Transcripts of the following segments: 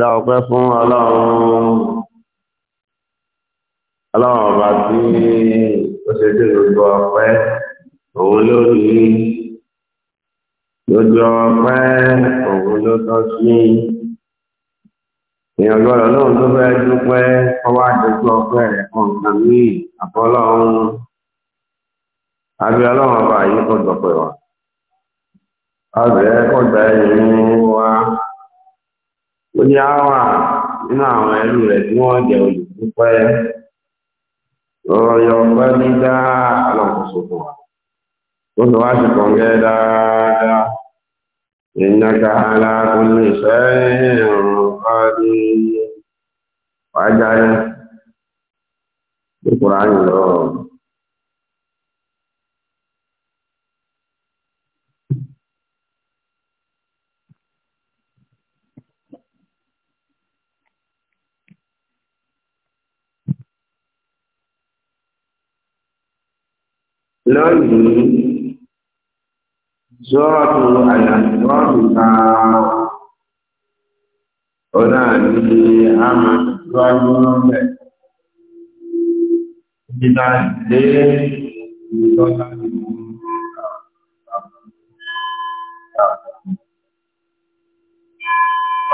dá ọpẹ́ fún ọlọ́run ọlọ́run ọba tí ó ṣe dé gbogbo ọpẹ́ òun ló ní gbogbo ọpẹ́ òun ló tọ́ sí èèyàn gbọ́dọ̀ lóun tó fẹ́ dúpẹ́ ọwọ́ àdókò ọpẹ́ rẹ̀ kan àfọlọ́run àbí ọlọ́run ọba yìí kò dọ̀pẹ́ wa ọbẹ̀ kò dá ẹ̀yìn wa. onye ní àwà nínú àwọn ẹrú rẹ̀ tí wọ́n jẹ olùdúpẹ́ ọ̀rọ̀ ọ̀pẹ́ ní dáa alákòóso fún wa ó sọ wá sí kọ̀ǹgẹ́ dáadáa ìnáka ọrụ ìfẹ́ ìrànlọ́dí wájáyé ní kùránì lọ́rọ̀. lónìí sọ́ọ̀tù àyàfọ́ọ̀tù kan ọ̀nà àti àmà lọ́wọ́ rẹ̀ ìdá dé ìtọ́lá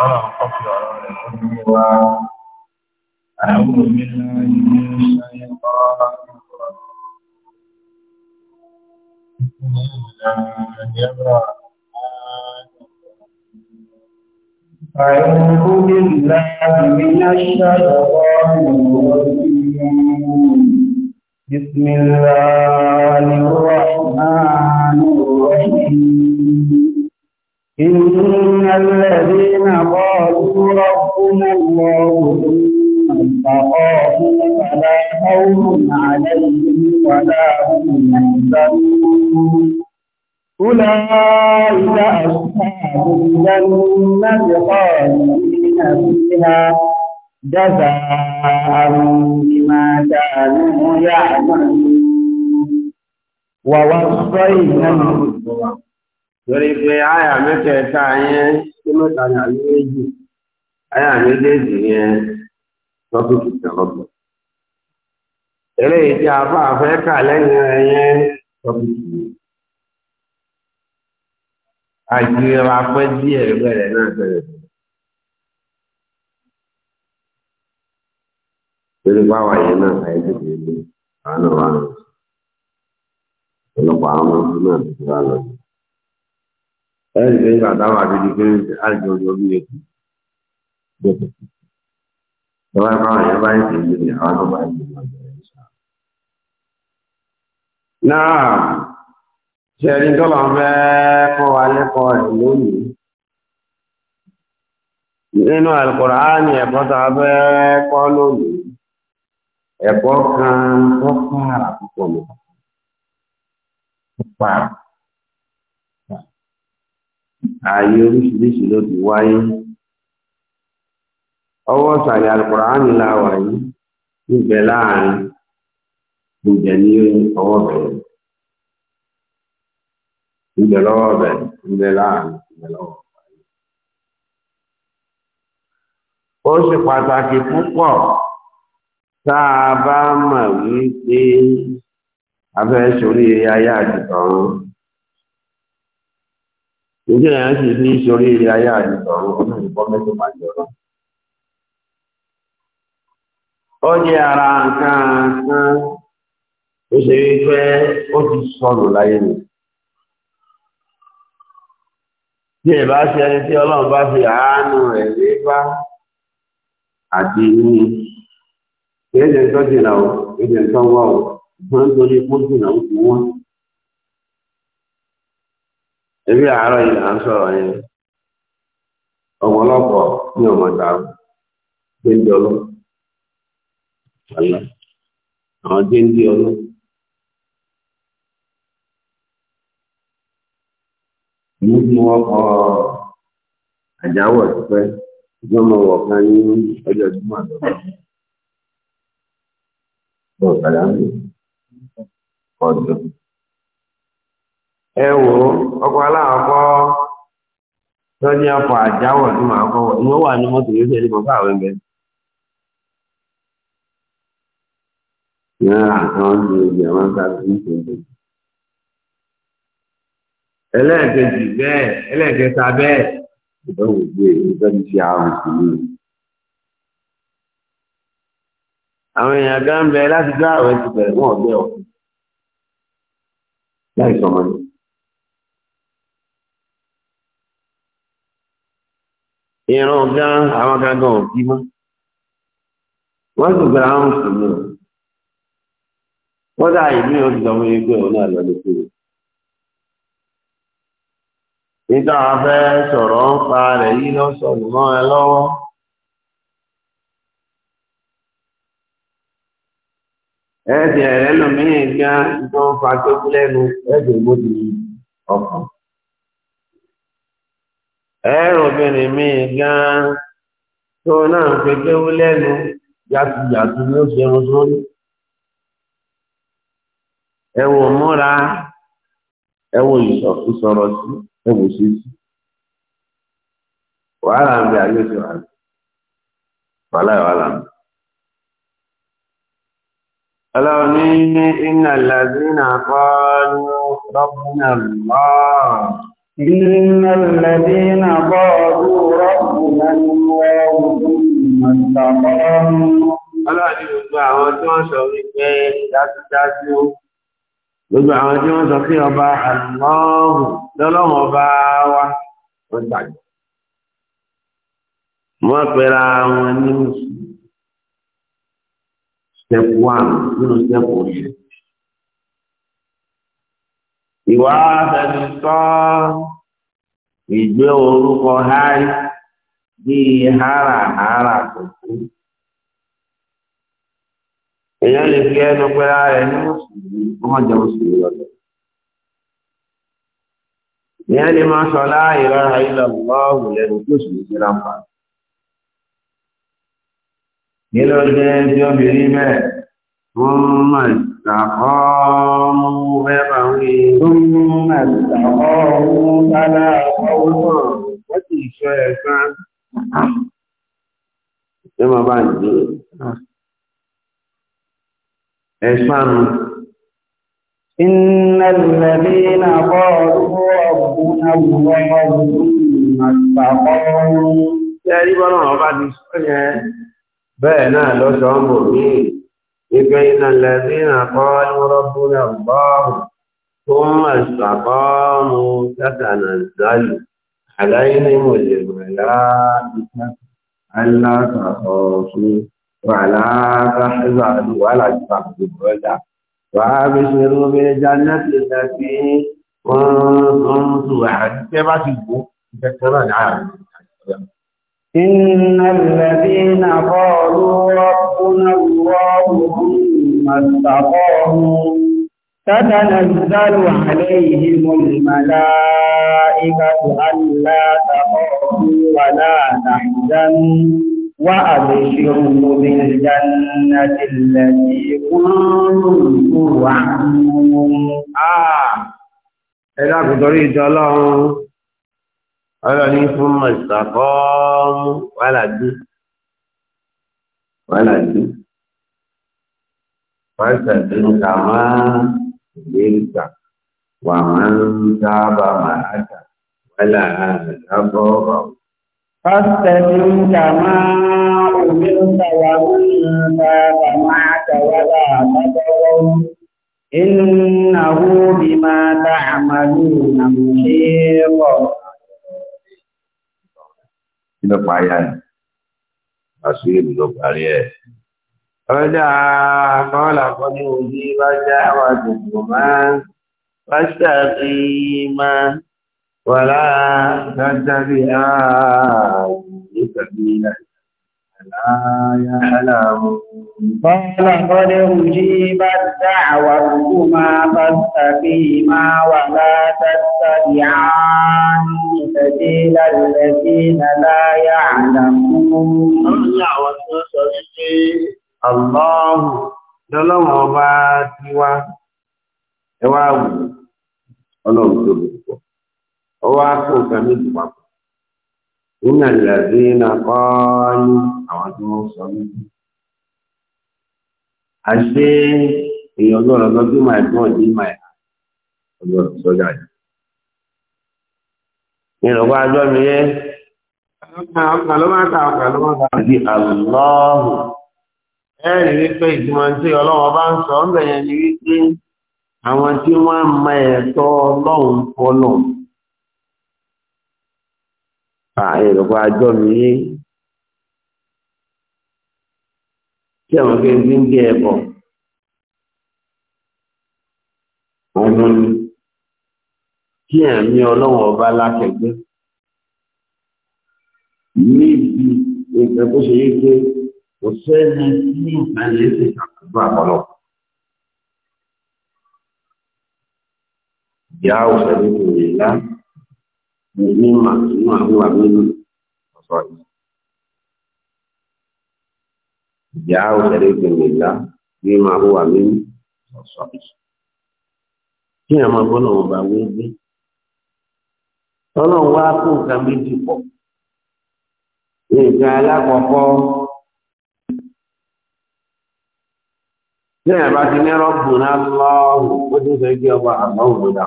Ọlọ́run kọ́pì ọ̀rọ̀ rẹ̀ fún mi wá àwọn òmìnira ìlú ṣayẹ́ pàápàá. أعوذ بالله من الشيطان الرجيم بسم الله الرحمن الرحيم إن الذين قالوا ربنا الله ثم فلا خوف عليهم ولا هم يحزنون أولئك أصحاب الجنة خالدين فيها جزاء بما كانوا يعملون ووصينا torí pé àyà mẹ́tẹ̀ẹ̀ta yẹn tí mẹ́ta ní àlúwẹ́jì àyà méjèèjì yẹn tọ́kùtù tẹ̀lọ́gbọ̀n eré ìjà bá fẹ́ kà lẹ́yìn ẹ̀yẹ́ tọ́pìtì àjìrà pẹ́ díẹ̀ bẹ̀rẹ̀ náà bẹ̀rẹ̀ lórí báwa yẹn náà àìdíje ní àánú wa nù ọ̀pọ̀lọpọ̀ àwọn ọmọ ọdún náà ti wá lọ. ẹ̀rí pé nígbà táwọn àdúgbò pé àjọ ọjọ́ bí èkó gbẹ̀kọ̀. ìjọba báwa yẹn bá ń ṣe yìí àwọn ọmọ bá ń náà ṣẹ̀rí tọ́lọ̀ fẹ́ kọ́ wa lẹ́kọ̀ọ́ rẹ̀ lónìí nínú Al-Kùránì ẹ̀kọ́ tá a fẹ́ kọ́ lónìí ẹ̀kọ́ kan tó fàrà púpọ̀ mọ́ fàrà ààyè oríṣiríṣi ló ti wáyé ọwọ́ sàlẹ̀ Al-Kùránì la wà yìí níbẹ̀ láàrin ìjẹ̀ ní ọwọ́ bẹ̀rẹ̀ ibẹ̀ lọ́wọ́ bẹ̀ ibẹ̀ láàrin ibẹ̀ lọ́wọ́. ó ṣe pàtàkì púpọ̀ tá a bá mọ̀ wípé a fẹ́ sórí ayé àdìtọ̀run ìdí èèyàn sì fi sórí ayé àdìtọ̀run ọdún ìbọn mẹ́tò máa jọ ó jẹ́ ara nǹkan kan ó ṣe wípé ó ti sọnù láyé nìkan. tí ẹ bá ṣe ẹni tí ọlọ́run bá fi àánú rẹ̀ lé bá àti ní ẹ̀jẹ̀ ń tọ́jú ìlà o ẹ̀jẹ̀ ń tọ́wọ́ o wọ́n ń torí pọ́ńtù náà ó ti wọ́n. ẹbí àárọ̀ yìí là ń sọ̀rọ̀ yẹn ọ̀pọ̀lọpọ̀ ní ọ̀mọ̀ta gbé ń di àwọn gbé ń tí wọ́n kọ àjáwọ̀ pẹ́ ṣùgbọ́n mo wọ̀ kan ní ọjọ́ ìgbìmọ̀ àdọ́gbà. Bọ́ọ̀ padà ń bọ̀ ọ̀dọ́. Ẹ wo ọkọ̀ aláàkọ́ tó ní ọkọ̀ àjáwọ̀ tí màá kọ́ wọ̀. Ìwọ́n wà ní mọ́tò yóò ní fáwọn ẹgbẹ́. Ìyá ẹlẹ́ẹ̀kejì bẹ́ẹ̀ ẹlẹ́ẹ̀kẹta bẹ́ẹ̀ ìdánwò gbé ìdánwò ṣe àrùn sí ni. àwọn èèyàn gan ń bẹ láti dá àwẹ̀ ti bẹ̀rẹ̀ wọ́n ọ̀gbẹ́ ọ̀fun láì sọmọ ni. ìran gan àwọn gangan ò bí mọ́ wọ́n sì gbé àwọn mùsùlùmí rẹ̀ wọ́n dá ìlú yóò ti sọ òun náà lọ lè pè nígbà wọn fẹ́ sọ̀rọ̀ ń pa rẹ̀ yìí lọ́sọ̀nù mọ́ ẹ lọ́wọ́. ẹ̀ẹ́dì ẹ̀rẹ́ lòmíì gan tó ń fa tó kú lẹ́nu ẹ̀ẹ́dì ìgbòdì ọkàn. ẹ̀ẹ́rù obìnrin míì gan tó náà ń pe lẹ́nu yàtúyàtú ló sórí. ẹ̀wọ̀n ẹ wò sí sí wàhálà ń bẹ ayé sí wàhálà wàhálà wàhálà ń bẹ. Ọlọ́run ní iná làzínà kọ́ọ̀lù rọ́bùnà lọ́. Iná làzínà kọ́ọ̀lù rọ́bùnà lọ́. Ọlọ́run ní gbogbo àwọn tí wọ́n sọ wípé dájúdájú gbogbo àwọn tí wọ́n sọ pé ọba àlọ́ọ̀hùn lọ́lọ́wọ́ bá wá wọ́n gbàgbọ́. wọ́n pera wọn ní step one nínú step one yẹn. ìwà àfẹnusọ ìgbé orúkọ háì bíi háràhárà kò kú èèyàn lè fi ẹnu pé ara rẹ̀ ní mùsùlùmí kó má jẹ mùsùlùmí lọ́dọ̀ èèyàn lè máa sọ láàyè rárá ilẹ̀ ọ̀gbọ́ọ̀gùn lẹ́nu tí òṣèlú ti rámpa kí ló dé tí obìnrin bẹ́ẹ̀ wọ́n máa ṣàkọ́ọ́mú ẹ̀bà ń rí wọ́n máa ṣàkọ́ọ́mú sálá ọ̀pọ̀ wọ́n sì ṣọ ẹ̀sán. ṣé máa bá ń dé? إن الذين قالوا ربنا الله ثم استقاموا يعني بلون أبا نسوية بينا لو جامو مين الذين قالوا ربنا الله ثم استقاموا تتنزل عليهم الملائكة ألا تخافوا وعلى تحزن ولا تحزن ولا وابشروا بالجنة التي كنتم توعدون كما تقول ذكرنا العالم إن الذين قالوا ربنا الله ثم استقاموا تتنزل عليهم الملائكة ألا تخافوا ولا تحزنوا وأبشروا بالجنة التي كنتم وعدتم آه إذا كنت أريد الله أنا ثم استقام ولا دي ولا دي فاستقم كما أمرت ومن تاب معك ولا تضرر فاستقم كما أمرت ومن تاب معك ولا تطغوا إنه بما تعملون محيط Kilo payan. Asyik dulu kali ya. Ada kala kami uji baca wajibuma. Fastakimah. ولا تتبع سبيلا لا يعلم فلقد أجيبت دعوتكما فاستقيما ولا تتبعان سبيل الذين لا يعلمون الله lọ́lọ́wọ́ bá tiwa ẹwà ọlọ́run tó lè pọ̀ ó wá kó nǹkan méjì papọ̀ nínú ìyàdé náà kọ́ ní àwọn tí wọ́n sọ níbi àṣé èèyàn lọ́rọ̀ lọ bí máa gbọ́n ní máa ọlọ́rọ̀ sọ́jà yìí ìrọ̀wá ajọ́ mi yẹ́ ọkàn ló máa ta ọkàn ló ìtumọ̀ tí ọlọ́wọ́ bá ń sọ ọ́n bẹ̀yẹn ni wípé àwọn tí wọ́n máa ẹ̀tọ́ ọlọ́run fọlọ́run ààrẹ ah, ìrọ̀pá ajọ́ mi yé tí àwọn kí n fi ń gé ẹbọ ọ̀hún ni kí ẹ̀mí ọlọ́run ọba lákẹgbẹ́ níbi ìgbẹ́ tó ṣe yé pé kò sẹ́ni tí ìgbàlẹ̀ ṣe àkókò àpọ̀lọ́. ìyá òṣèlú kò lè lá mímà nínú àwọn àmínú ọ̀sọ̀ yìí. Ìyá òṣèré gbẹ̀mẹ̀lá mímà àwọn àmínú ọ̀sọ̀ yìí. Kí ni àwọn ọgbọ́n náà bá wí gbé? Ọlọ́run wá fún nǹkan méjì pọ̀. Nǹkan alákọ̀ọ́kọ́ Tí ẹ̀yà bá ti ní rọ́bùn náà lọ́ọ̀hùn, ó ti ń sọ igi ọba àgbọ̀hùn ló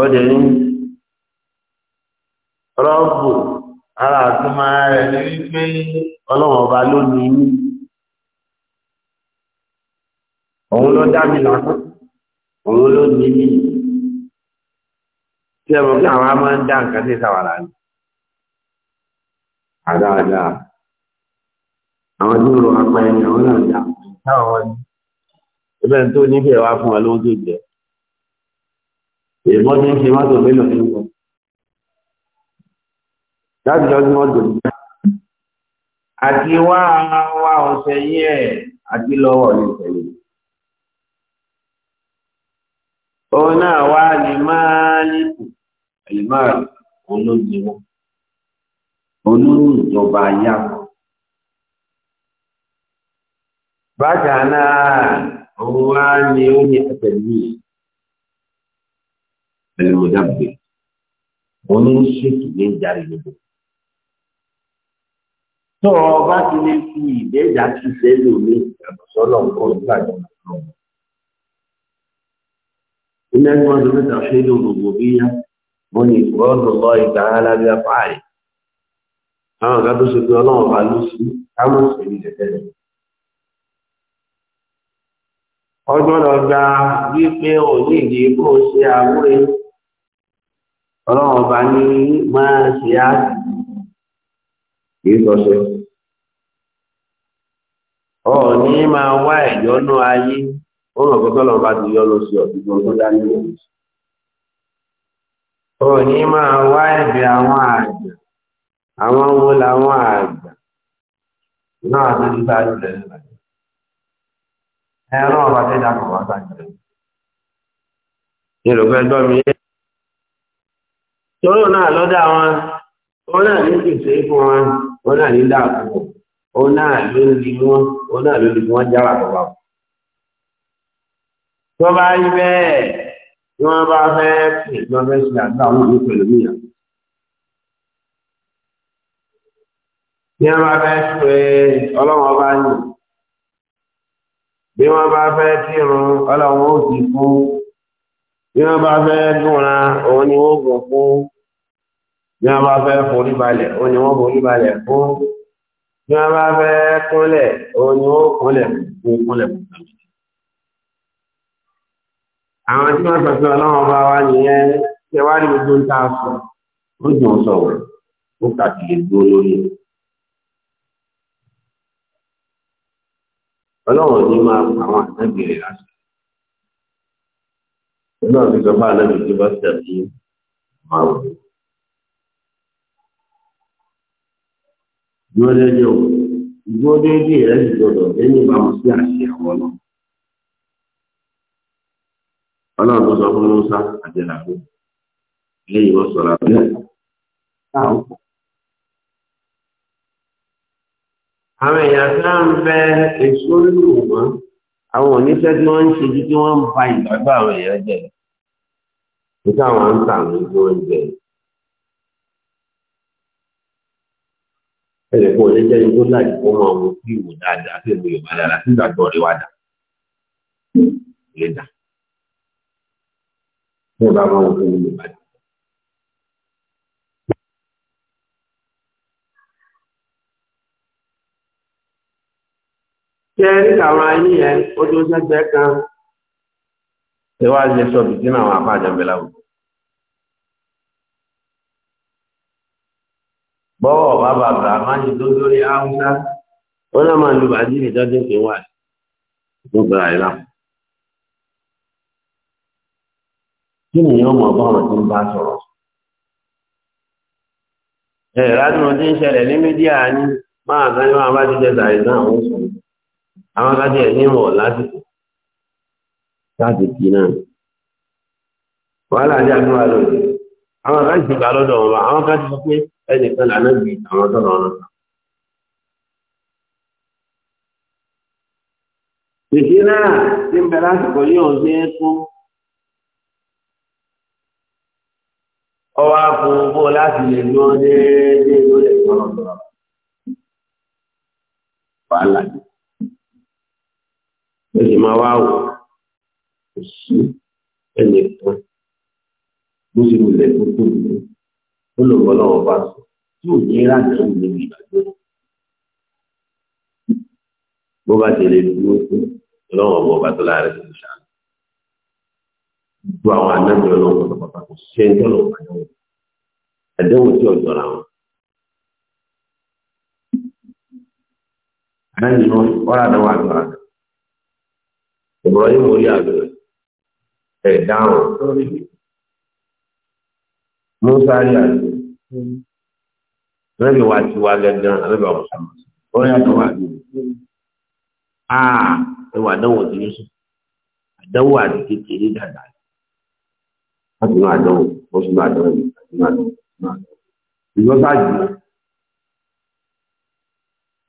ọdẹ ní rọ́ọ̀bù ara àtúmọ̀ rẹ̀ ní wípé ọlọ́wọ̀n ọba ló ní ní òun ló dá mi lásán òun ló ní ní tí ẹmọ kí àwọn máa ń dá nǹkan sí ìsàwàrà ní àdáadáa àwọn tí ó rọ apá ẹni àwọn náà dá táwọn wọn ní tó níbẹ̀ wá fún wa lóúnjẹ jẹ́ èèmọ́ tí ń fi mọ́tò mélòó ní wọn láti lọ sí mọ́tò ní àti wá wá ọ̀sẹ̀ yìí ẹ̀ àti lọ́wọ́ ní ọ̀sẹ̀ yìí òun náà wá ní máàlìkù ẹ̀lìmáàlì òun ló ní wọn òun ìjọba ayá wọn bákan náà òun wá ní ó ní المدبر oníṣètò ní ìdarí gbogbo tó o bá ti lè fi ìdẹ́jà ti sẹ́lò ní ìyàtọ̀sọ́lọ̀ nǹkan nígbà tó ń lọ. ilé ẹgbẹ́ ọdún mẹ́ta ṣe ló gbogbo bí yá mo ní ìfọwọ́dún lọ ìgbà alábẹ́ apáàrẹ àwọn ọ̀gá tó ṣe pé ọlọ́run bá ló sí káwọn sì rí tẹ́tẹ́ lọ. ọgbọ́dọ̀ gba wípé òní ìdí kó o ṣe àwúrẹ́ ọlọ́run ọba ní máa ṣe á kì í sọṣẹ́ máa wá ẹ̀yọ́nú ayé ó hàn bá ti yọ́nú sí ọ̀dùnkún tó dání lórí ọ̀ọ́ni máa wá ẹ̀bẹ̀ àwọn àgbà àwọn wo làwọn àgbà náà tó ti sáré lẹ́nu ẹ̀rọ ọba tẹ́jà kọ̀ torí náà lọ́dà wọn òun náà ní pèsè fún wọn òun náà ní dáàbò òun náà ló ń di wọn òun náà ló ń di wọn jára bàbá wọn. tó bá rí bẹ́ẹ̀ tí wọ́n bá fẹ́ pè lọ fẹ́ ṣe àdúrà wọn ní pẹ̀lú mìíràn. bí wọ́n bá fẹ́ pè ọlọ́wọ́n bá yìn bí wọ́n bá fẹ́ kírun ọlọ́wọ́n ó ti fún bí wọ́n bá fẹ́ gúnra òun ni wọ́n gùn fún bí wọ́n bá fẹ́ forí balẹ̀ òun ni wọ́n forí balẹ̀ fún bí wọ́n bá fẹ́ kúnlẹ̀ òun ni wọ́n kúnlẹ̀ fún kúnlẹ̀ fún àwọn tí wọ́n pẹ̀sẹ̀ ọlọ́run bá wá nìyẹn ṣe wá ní gbogbo ń ta sọ ó dùn sọ̀rọ̀ ó kàkiri dúró lórí ọlọ́run ní máa àwọn àtẹ́bí rẹ̀ náà ti sọ àlejò tí wọ́n ṣe àti màwù. Dúró déédéé o, ìdúró déédéé rẹ̀ sì gbọdọ̀ lẹ́yìn ìbámu sí àṣẹ àwọn náà. Ọlọ́run tó sọ fún Musa àti Làbó, lẹ́yìn wọ́n sọ̀rọ̀ abẹ́ Àwọn èèyàn tí ń bẹ èso nínú wọn àwọn oníṣẹ́ tí wọ́n ń ṣe ju tí wọ́n ń ba ìgbàgbọ́ àwọn èèyàn jẹ́ nígbà wọn ń ta àwọn tí wọ́n jẹ. ẹnì kan ò ní tó láì kó máa mú sí ìwò dáadáa sí ìwò Yorùbá dáadáa sí ìgbàgbọ́ rẹ̀ wá dà lè dà. bí bá máa wọ sí ìwò tẹ́rí àwọn ayé yẹn ó tó sẹ́gbẹ́ kan tẹwàá sọ bìtí náà àpá àjàmbẹ̀lá wò. bọ́wọ̀ bàbá abrahamani tó lórí haúsá ó náà máa lu bàjírí tọ́jú pé wà tó gba àìlá. kí ni yóò mọ̀ bọ́ọ̀rọ̀ tí ń bá sọ̀rọ̀? ẹ̀rọ adùn tí ń ṣẹlẹ̀ ní mídíà ni máa tán ní wọn bá àwọn akájọ ẹ̀ níwọ̀n lásìkò láti kì náà wàhálà àti àdúrà lòdì àwọn akájọ ti gbà lọ́dọ̀ wọn bá àwọn akájọ sọ pé ẹnìkan lànà bí àwọn tọ̀nà ọ̀nà kan. Tètè náà ti ń bẹ lásìkò yóò ṣe é kú. Ọwọ́ akun bó láti lè lọ déédéé lórí ẹ̀kọ́ ọ̀dọ́ ó sì máa wá wò kò sí ẹnì kan bó ṣe wulẹ̀ tó tóbi ó lò wọ́n lọ́wọ́ bá sọ tí ò ní ìrànlẹ́ òun níbi ìgbàgbọ́ bó bá ti lè dúró tó ọlọ́wọ́ bó bá tó láàrin tó ṣáà gbogbo àwọn anábì ọlọ́wọ́ pátápátá kò sí ẹni tó lọ́wọ́ àdéhùn tí ọjọ́ ra wọn. Adájọ́ ọ̀rọ̀ àdéhùn àgbà ìbọ̀rọ̀yìn mórí àlọ́ ẹ̀ dáhùn musa rí àlọ́ rẹ́bí wa ti wá gẹ́gẹ́ rẹ́bí wa sọ ó yà tó wà ní àà ẹwà àdánwò ti yóò sọ àdánwò àti kékeré dàgbà láti máa dánwò wọ́n sì máa dánwò láti máa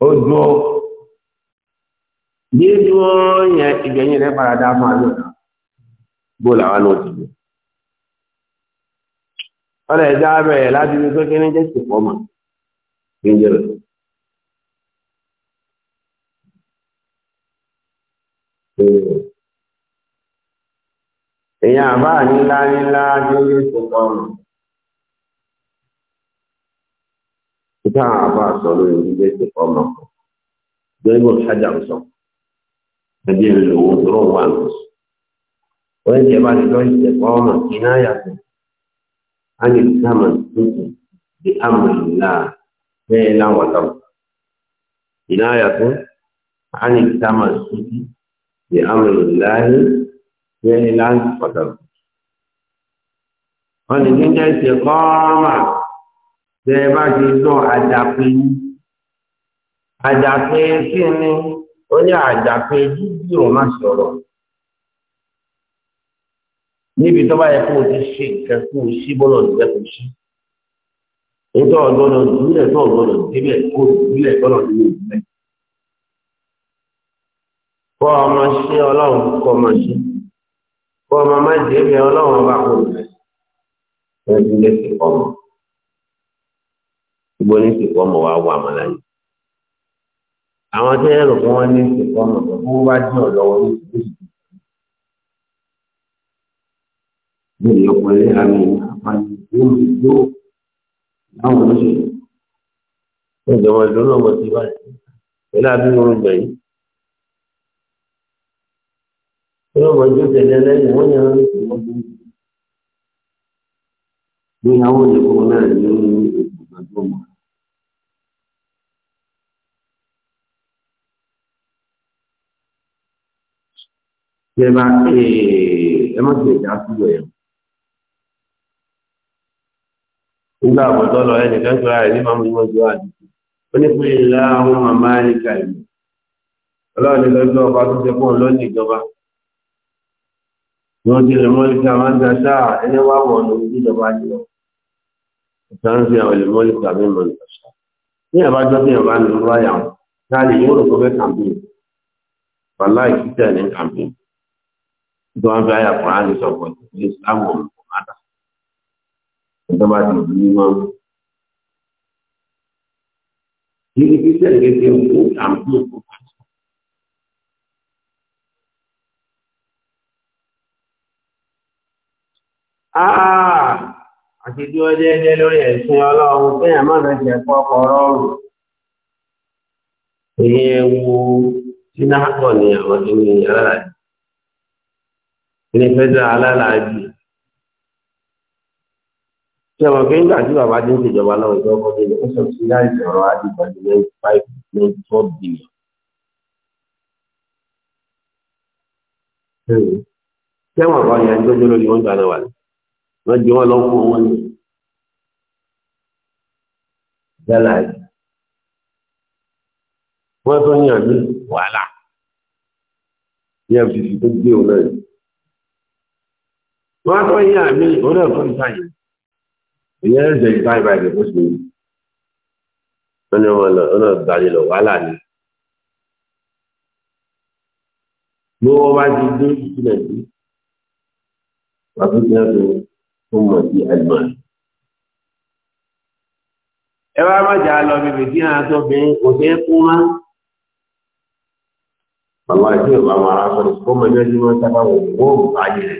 ó dúró bí ní wọ́n yẹn ìgbẹ̀yìn rẹ̀ farada fún àjọ kan bó làwọn náà ti gbé ọ̀rọ̀ ẹ̀dá bẹ̀rẹ̀ láti ní pé kíní jẹ́ sì fọ́mà kí n jẹ́ rẹ̀ èèyàn àbá nílá nílá tí ó yẹ fọ́mà títà àbá sọ lórí jẹ́ sì fọ́mà kan ṣájà ń sọ ẹbí ẹ̀ lòun tó rọ̀ wà lọ́sùn. wọ́n ti bá ti lọ ìṣẹ̀kọ́ ọmọ iná yàtọ̀ ánì sáàmà tuntun bí amòlá bẹ́ẹ̀ láwọn àtàwọn. iná yàtọ̀ ánì sáàmà tuntun bí amòlá bẹ́ẹ̀ láwọn àtàwọn. wọ́n ní kí n jẹ́ ọmọ bẹ́ẹ̀ bá ti lọ àjàpé àjàpé kí ni ó ní àjàpé dídìrò má sí ọ̀rọ̀ níbi tó bá yẹ kó o ti ṣe nǹkan kó o ṣí bọ́lọ̀ nígbà tó ṣí nítorí ọgbọ́dọ̀ ìbílẹ̀ tó ọgbọ́dọ̀ débẹ̀ kó ìbílẹ̀ gbọ́dọ̀ nínú ìbílẹ̀ kọ́ ọmọ ṣe ọlọ́run kọ́ ọmọ ṣe kọ́ ọmọ má débẹ̀ ọlọ́run ọba kò rẹ̀ ẹ̀dùn lẹ́sìn kọ́ ọmọ ìgbóni sì kọ́ ọmọ wa wà mọ́ láyé àwọn tó yẹ lòkùn wọn ní ìṣèkọ ọmọ tó fún bá dín ọlọ́wọ́ ní ìṣèkọ. ní ìyọkùnrin àmì àpáyé yóò mú ìjó láwọn olóṣèlú tó ìjọba ìdúró ọmọ ti báyìí pẹ̀lú abínú oúnjẹ yìí. tó lọ́mọ ìjó tẹ̀lé lẹ́yìn wọ́n yẹn lórí ìṣòwò tó ń bọ̀. ní àwọn olùkọ́ náà ní ìṣèkọ ọmọ ṣe bá eh, ẹ má ṣe ìjà sílò ẹ̀. nígbà àbọ̀tọ́ lọ ẹnìkan tó rà rẹ̀ ní màmú ìwọ̀n tó àdìsí ó ní pé ìlà àwọn màmá ẹ̀ka ìlú ọlọ́run ní lọ́jọ́ ọba tó ṣe fún lọ́nà ìjọba ni wọ́n ti lè mọ́ ìka máa ń da sáà ẹni wá wọ̀ ọ̀nà ìjọba jùlọ ìtàn fi àwọn ìlú mọ́lìkà mi mọ̀ nípa ní àbájọ́ tí ìyàwó bá ń lọ wáyà wọn láàrin yóò rò pé kàmpín wàláì títẹ̀ ní kàmpín tí wọ́n fi àyà kùnrin àti sọ̀kọ̀ ìpínlẹ̀ Islam ọ̀hún kò má dà. ìjọba ti di mímọ́. kí ni kí sẹ́yìn gẹ́gẹ́ bí ó kà ń bí òkú pàtó. àti dúró jẹ́jẹ́ lórí ẹ̀sìn ọlọ́run kéèyàn má lọ jẹ́ pọ́pọ́ ọlọ́run. èyí ẹ wo sínú ni àwọn ẹni aláàjì ní fẹ́dà alálàájì tí ọmọ kí nígbà tí bàbá dín ìjọba náà ìjọ ọkọ dé ó sọ sí láìsí ọ̀rọ̀ adìgbàdì ninety five ninety four billion. tẹ́wọ̀n kan yẹn tó dúró ní wọ́n gbà náà wà ní wọ́n jẹ́ wọ́n lọ fún wọn ní gálàjì wọ́n tó yàn ní wàhálà efcc tó gbé òun náà yìí wọ́n á tọ́ yíyá mi òun náà fún ìta yìí ìyẹn ń jẹ ìta ìbá ìdè fóṣù yìí wọ́n ní wọn náà wọ́n náà darí lọ wàhálà ni. bí wọ́n bá ti dé ìpínlẹ̀ sí wàá fi jẹ́ pé wọ́n mọ̀ sí àjùmọ̀ rẹ̀ ẹ wá má jà lọ bèbè tí a tó bí kò sí kú má. Bàbá ìṣe ìbámu ara sọ̀rọ̀ kó mọ̀ ní ọdún sábà wò ó bá yẹn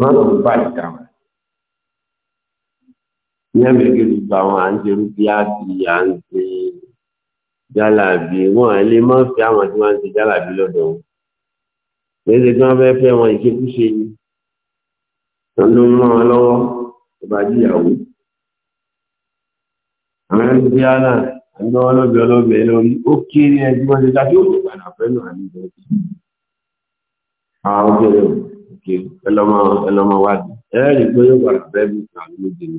rọ́ọ̀lù bá ìdáwà ìyẹn méjì gbogbo àwọn à ń ṣe rúbí àti à ń ṣe jálàbí wọn à lè má fi àwọn tí wọn ń ṣe jálàbí lọ́dọ̀ wọn méjì tí wọn fẹẹ fẹ́ wọn ìṣekúṣe ni wọn ló ń mọ wọn lọ́wọ́ tó bá jíyàwó àwọn ẹni bí àná àgbẹwọlọbẹ ọlọbẹ lórí ó kéré ẹni tí wọn ṣe dájú òkú padà fẹnu àníjọ sí àwọn òkèèrè òkè ẹlọmọ ẹlọmọ wádìí ẹẹrì pé yóò wà bẹẹbí tàbí méjì ni.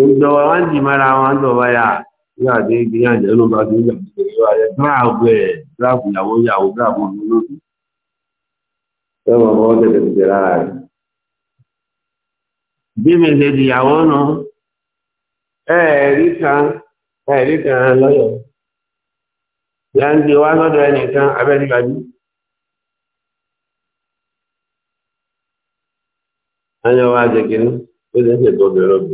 ìjọba wọn jì mára wọn dọ̀wọ́ yá ya ya ìgbìyànjú ẹnu bá ti ń yà sí ìwà gíráàbù ẹ̀ gíráàbù ìyàwó ìyàwó gíráàbù ọ̀nà olóògbé. ya bí mi ṣe kan kan wá ẹnìkan ẹyọ wa jẹ kí ó ṣe ṣètò obìnrin obìnrin.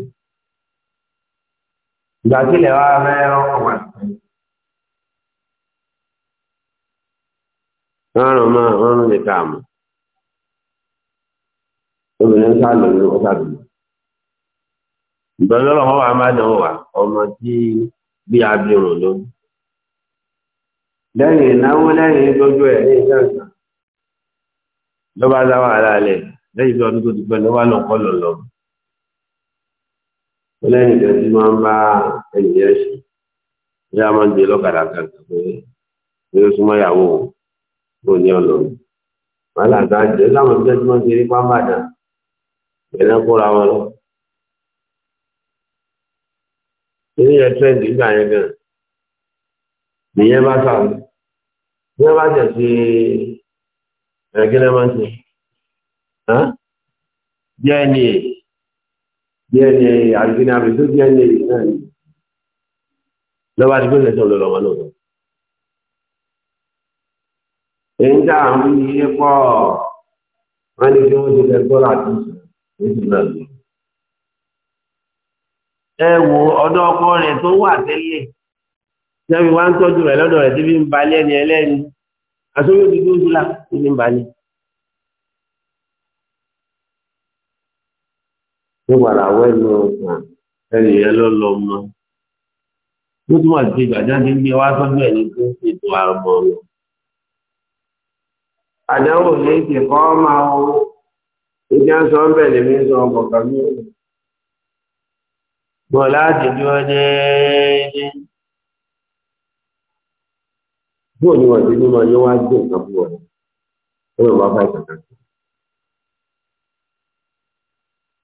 ìgbà tí ilẹ̀ wa fẹ́ ọkọ̀ wà sí. wọ́n káàmù. obìnrin ń sá lóyún ó sábì. ìgbà lọ́rọ̀ wọn wà má dán wà ọmọ tí bí abirùn lóyún. lẹ́yìn ìnáwó lẹ́yìn gbogbo ẹ̀ lẹ́yìn tó ọdún tó ti pẹ́ lọ́wọ́ lọ́kọ́ lọ́lọ́ ó lẹ́yìn ìgbà tí máa ń bá ẹnìyẹn ṣe bí a máa ń di lọ́kadà kan pé bí ó súnmọ́ ìyàwó ò ní ọ̀nà wàhálà tá a jẹ́ láwọn ìjọ tí wọ́n ti rí pàmbàdà ìrẹ́ kóra wọn lọ. ilé yẹn tẹ́ǹdì gbà yẹn gan nìyẹn bá sàrò bí wọ́n bá jẹ̀ sí ẹ̀kílẹ̀ máa ń ṣe. DNA DNA àrùbíní àbìtú DNA náà ni lọ́wọ́ adigun lẹ́sẹ̀ olóòlò wọn lóòótọ́. èyí tá à ń wí iye pọ̀ wọ́n ní kí wọ́n ti fẹ́ gbọ́dọ̀ àti oṣù náà lò. ẹ wo ọ̀dọ̀ ọkọ rẹ̀ tó wà tẹ́lẹ̀ sẹ́mi wá ń tọ́jú rẹ̀ lọ́dọ̀ rẹ̀ tí fi ń balẹ̀ ẹni ẹlẹ́ni àtúnyẹ̀ tuntun ńlá tí fi ń balẹ̀. ní wàrà wẹ́nu ọ̀sán ẹnì yẹn ló lọ mọ. ó túmọ̀ sí ìgbàjáde ń gbé wá sọ́dọ̀ ẹni tó ń ṣètò àmọ́ lọ. àdáwò ní ti kọ́ máa ń ìjà ń sọ ń bẹ̀rẹ̀ mi sọ ọkọ̀ kàmí. bọ̀ láti dúró déédéé. bó ni wọ́n ti ní ma yọ wá dé nǹkan fún wọn? ó lè wá bá ìkàkà sí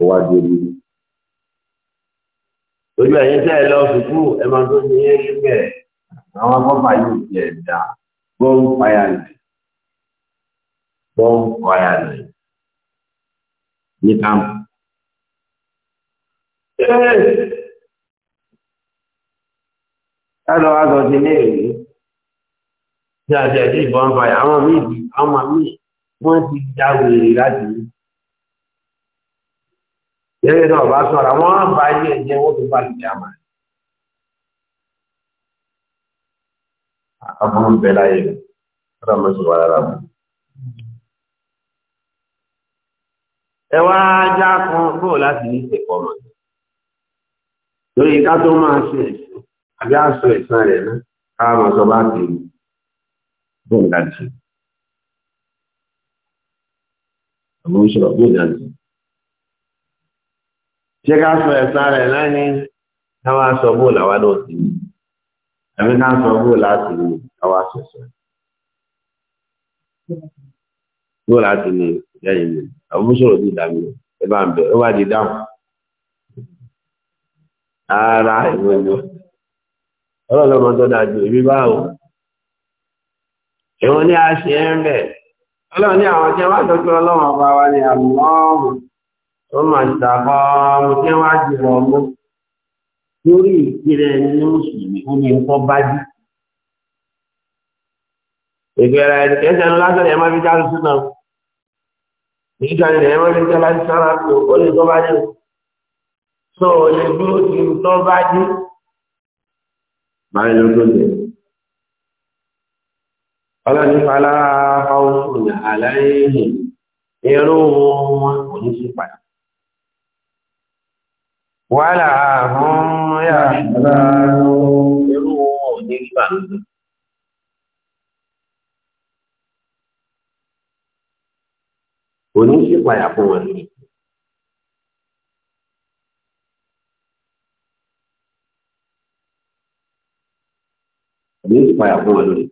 kó wá di orí. Ojú ẹ̀yin tẹ́ ẹ lọ sùkú ẹ máa tó ní yé níbẹ̀. Àwọn akọ́fà yóò fi ẹ̀dá bọ́ọ̀n fàyà nì. Bọ́ọ̀n fàyà nì. Ní kámpu. Ẹ lọ wá sọ Ṣé àti ẹ̀dí ìbọn fàyà? Àwọn míì, àwọn míì, wọ́n ti já láti yìí. Ilé náà bá sọ̀rọ̀ àwọn àbá ilé ẹ̀jẹ̀ wọ́n tó bá lè jẹ́ àmà. Àbúrò bẹ́ẹ̀ láyé rẹ̀, ọ̀rọ̀ mi sọ̀rọ̀ rárá mu. Ẹ wá já kan bóò láti ní ìsìnkú ọmọ. Lórí ká tó máa ṣe ẹ̀sìn, àbí àṣọ ẹ̀sán rẹ̀ náà, ká máa sọ bá tèmi. Bóò dájú. Àbúrò sọ̀rọ̀ bóò dájú ṣé ká sọ ẹ̀sán rẹ̀ lẹ́ni káwá sọ bó làwa náà ti ní àbí ká sọ bó láti ní káwá sọ̀sọ̀ bó láti ní lẹ́yìn mi àwọn sọ̀rọ̀ bí ìdàmì ẹ bá ń bẹ̀ ẹ wá di dáhùn ara ìwé ni ọlọ́lọ́mọ tó dájú ìbí báwo ìwọ ni a ṣe ń bẹ̀ ọlọ́run ní àwọn tí wọ́n á dọ́jú ọlọ́run ọba wa ni àmọ́ tó máa ìtàkọ́ ọmọ tí wọ́n á jù lọ mú lórí ìpínlẹ̀ ní mùsùlùmí ó ní nǹkan bá jí. ìgbéra ẹni kẹsẹ̀ ń lásán ẹ̀ máa fi jáde sí náà nígbà tí ẹ̀ máa fi jáde láti sára tó ó ní tó bá jí. sọ ò lè ti ń tọ́ bá jí. báyìí ló tó ọlọ́ni fàlà fáwọn fún àlàyé ìrú wọn kò ní sí padà wàhálà ààrùn yà irú òní gbà. òní sì payà fún wọn. òní sì payà fún wọn lórí.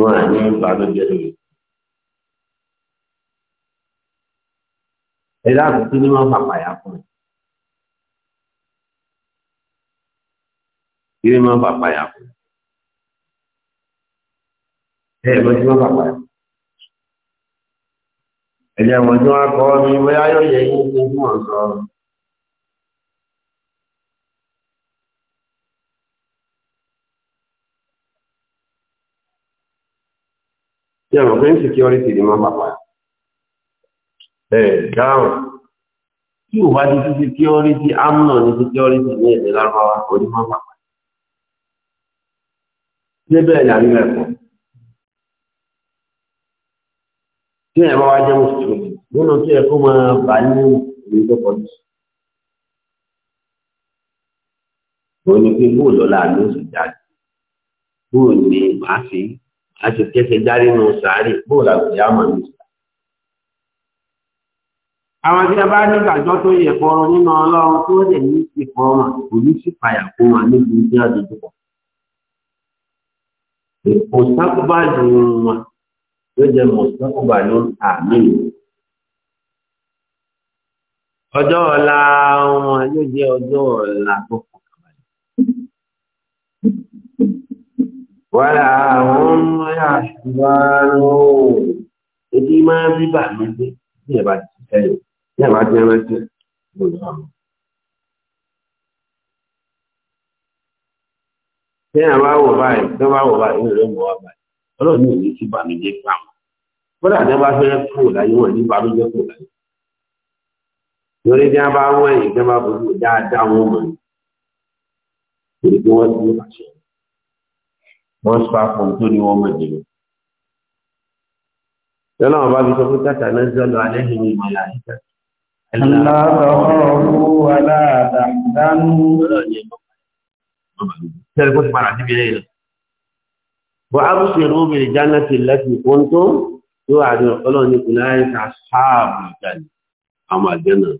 wọn à ní ìbànújẹ́ lórí. ẹ dáàbò tí ni wọn fà fún wọn. ilé máa ń fà payà kù ẹ mọ tí wọn fà payà ẹjẹ àwọn tí wọn kọ ní bóyá yóò yẹ kí ní kí wọn sọ tí àwọn fẹ́ security ni máa fà payà ẹ dáhùn tí ò bá di security amúnà ní security ní èdè lárúbáwá onímọ̀ pàpà débẹ̀ ní àríwá ẹ̀kọ́. Tí ẹ̀ bá wá jẹ́ mùsùlùmí, lónà tí ẹ kó máa bà ní ìlú tó pọ̀ jù. Mo ní pé bóò lọ́la ní oṣù jáde, bóò ní màá fi, màá ti kẹ́sẹ̀ jáde nù sàárè, bóò làwọn ìyá màá ní oṣù. Àwọn tí a bá ní ìgbàgbọ́ tó yẹ fọ́rọ̀ nínú Ọlọ́run tó lè ní ìfọ́rọ̀ kò ní sí payà fún wa níbi tí a mùsàkùbàlù wọn yóò jẹ mùsàkùbàlù amin. ọjọ́ ọ̀la wọn yóò jẹ ọjọ́ ọ̀la tó fọkànbalẹ̀ wàrà àwọn ọmọ àṣùwárò ètí máa ń bíbà mi gbé bí ẹ bá ti sẹ́yìn bí ẹ bá ti rántí gbọ́dọ̀ àwọn. tí bá wò báyìí tó bá wò báyìí ìrìn mọ́ wá báyìí ọlọ́run ò ní sí ìbànújẹ́ pa wọn kódà tí bá fẹ́ kú láyé wọn ní ìbànújẹ́ kú láyé lórí tí a bá wọ ẹ̀yìn tí bá fojú dáadáa wọn mọ̀ ní pé wọ́n ti pàṣẹ wọ́n sọ àpò tó ní wọ́n mọ̀ jẹ́ lọ́nà ọba mi sọ pé tàtà náà zọ́lọ́ alẹ́ ìlú ìmọ̀lá ìta Aláàbọ̀ ọ̀rọ̀ wà láàdà dánú tẹ́lẹ̀ kó ti padà síbi lẹ́yìn lọ. bọ́ abúṣerú obìnrin jáná ti lẹ́sìn kó ń tó tó àdé ọ̀pọ̀lọ́ ní kùnláyé ká sáàbù ìjàlè àwọn àgbẹ̀ náà.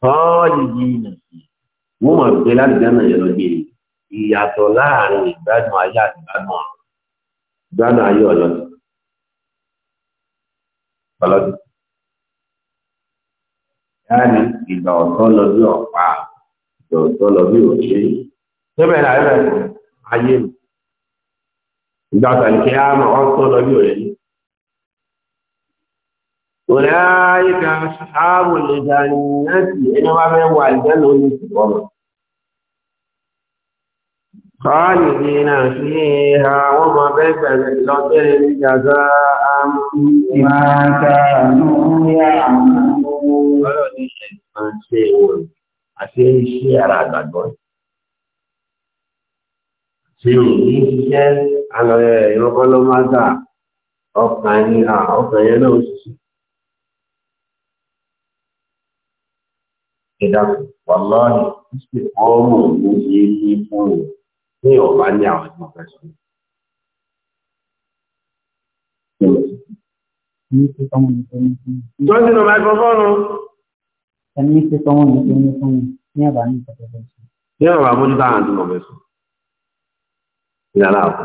tọ́ọ̀lì yìí nà sí mú mọ̀ pé láti ìgbà ọ̀tọ̀ lọ bí ọ̀pá tọ̀tọ̀ lọ bí ò ṣe níbẹ̀ náà ẹ̀rẹ̀ ayé mi ìgbà tàbí á mọ̀ ọ́n tọ́ lọ bí ò rẹ̀ ní. òrẹ́ ayé ka ṣáàbù lè dà nẹ́ẹ̀tì ẹni wá fẹ́ wà ìjẹ́ ló ní ìsìnkọ́ mọ̀. Kọ́ọ̀lì ní náà fi ha wọ́n mọ bẹ́ẹ̀ bẹ̀rẹ̀ lọ́tẹ́rẹ̀ ní jàzá àmì ìmáta lóyà àmì ọlọ́ọ̀ni ẹ̀sán ṣe wọ̀nyí àti iṣẹ́ ara àgbàgbọ́ ṣe ò ní ṣiṣẹ́ alọ́rẹ̀ ìrọ́kọ́lọ́mọ́gbà ọkàn ní ọkàn yẹn náà ṣiṣẹ́ ìdáàbò wàlọ́ọ̀nì ṣe ọmọ òun ṣe ní fún un ní ọ̀bá ní àwọn ẹ̀gbọ́n fẹ́ sọ Tọ́jú lọ máa gbọ́ fọ́nù ẹni ṣe sọmọ mi tó ní fún mi ní ẹ̀bà ní ìtọ́jú bẹ́ẹ̀ sọ. ní ọ̀rọ̀ àbójútó àwọn àti mọ̀mọ́ ẹ̀sùn ní aláàbò.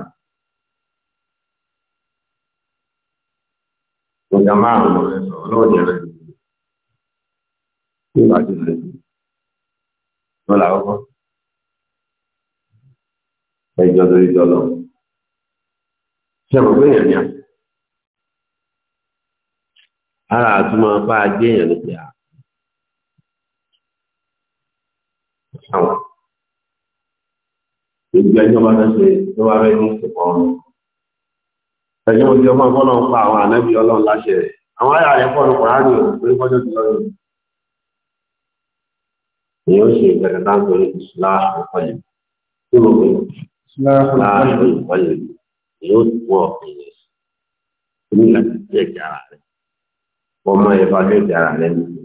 ọjà márùn-ún mọ̀mọ́ ẹ̀sùn ọlọ́wọ́ jẹ́ rẹ̀ ní ìbàdí rẹ̀ lọ́la ọkọ̀ ẹjọ́ lórí jọlọ ṣẹ́gun pé èèyàn ni a ara àtúmọ̀ bá a jẹ́ èèyàn ní pé a sáwọn. Gbogbo ẹjọ́ bá fẹ́ ṣe ló wá fẹ́ ní ìsìnkú ọrùn. Ẹjọ́ ojú ọmọ ọgbọ́n náà pa àwọn ànábì ọlọ́run láṣẹ rẹ̀. Àwọn àyà rẹ̀ pọ̀ nípa á òun pé kọ́jọ́ ti lọ́yọ̀. Èyí ó ṣe ìgbẹ̀rẹ̀ dáńtò ní ìṣúláàṣù ìkọlẹ̀. Kí ló pè? Ìṣúláàṣù ìkọlẹ̀. Èyí ó ti wọ̀ ìyẹn. Onílẹ̀ ti ìjára rẹ̀. Ọmọ ìfàgbé ìjára rẹ̀ nìyí.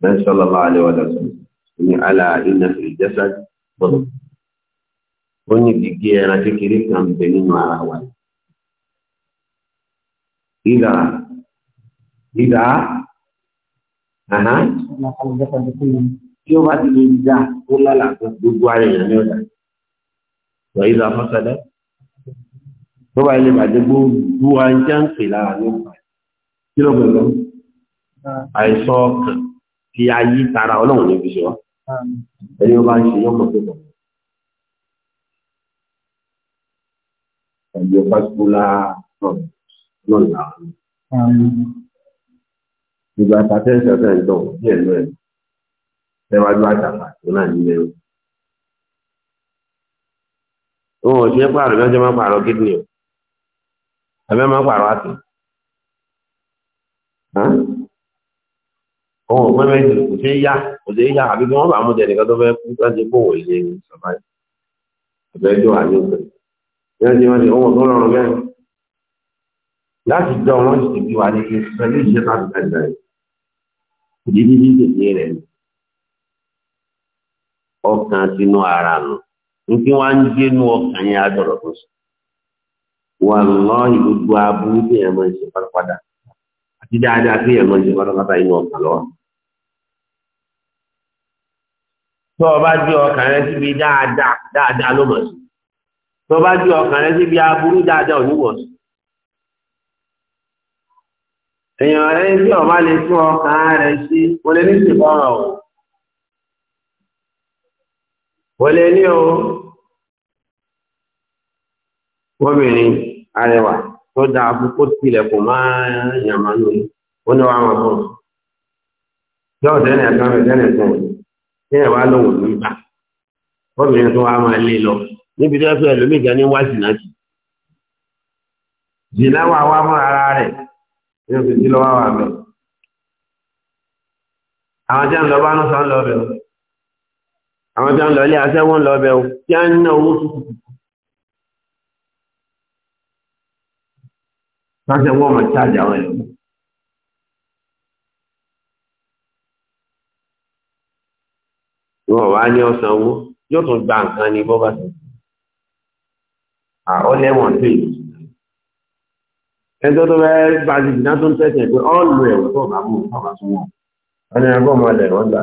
Bẹ́ẹ̀ sọ́lọ́ bá alẹ́ wọlé ní àlà iná fi jẹ́sà bọ̀lọ̀. ó ní gígé ẹran kékeré kan bẹ nínú ara wa. ìdá ìdá tí ó bá ti lè dá ó lálà fún gbogbo ara èèyàn ní ọ̀dà. wà ìdá fásádá tó bá ilé bàjẹ́ gbogbo ajá ń pè lára ní ọ̀pá kí ló pẹ̀lú àìsàn ọkàn tí a yí tara ọlọ́run níbi ṣe wá ẹni ó bá ń ṣe yọkọ̀ tó kọ̀. ẹ̀yọ́ pásítọ́lá náà là á. ìgbà àtàtẹ́sẹ̀ ọ̀sẹ̀ ń dọ̀ díẹ̀ lọ ẹ̀ tẹ́wájú àtàkà tó náà nílẹ̀ o. Òun ò ṣe pààrọ̀ bí máa pààrọ̀ kídìnì o. Àbẹ́ máa pààrọ̀ àtì. ohun ọ̀pẹ́ méjì kò ṣe é yá kò yá àbí wọ́n bá mú nìkan tó fẹ́ kú láti bò wọ̀ ilé sọ̀rọ̀ ìbẹ́jọ́ àyọ̀kẹ́ yẹn ti wọ́n ti ohun tó rọrùn láti jọ wọn ní kí pẹ̀lú ìṣe láti rẹ̀ ọkàn sínú ara nù nkí wá ń ọkàn yẹn adọ̀rọ̀ tó sùn wà tí pátápátá àti dáadáa tí pátápátá tó o bá di ọkàn rẹ síbi dáadáa dáadáa ló mọ̀ sí tó o bá di ọkàn rẹ síbi aburú dáadáa oníwọ̀ sí. èèyàn rẹ bí ọba lè tún ọkàn rẹ sí o lè ní ìsìnkọrọ o o lè ní o obìnrin arẹwà tó dáa fún kó tilẹ̀kùn máa yàmánú ó ní wàá máa bọ̀ yóò tẹ́lẹ̀ kan rẹ̀ tẹ́lẹ̀ tí ẹ̀ wá lọ́wọ́ ní gbà obìnrin tó wá máa lé lọ níbi tó fẹ́ lómi ìjà ní wá jìnnà jù jìnnà wà wá mọ́ ara rẹ̀ ní oṣù tí lọ́wọ́ wà mẹ́ àwọn tí wọ́n lọ bá ń sọ ń lọ bẹ̀ o àwọn tí wọ́n lọ ilé aṣẹ́wó ń lọ bẹ̀ o tí A ń ná owó tuntun láti wọ́n mọ̀ ṣáàjà àwọn ẹ̀rọ ní ọ̀sán owó yóò tún gba nǹkan ní bọ́bá tó ọ lẹ́wọ̀n tó yìí ẹjọ́ tó bẹ́ẹ̀ bá ti dìná tó ń tẹ̀sẹ̀ pé ọ́ lu ẹ̀wọ̀n tó bá mú ọ̀bá tó wọ̀ ọ ní ẹgbọ́n ọmọ ilẹ̀ ọ̀dà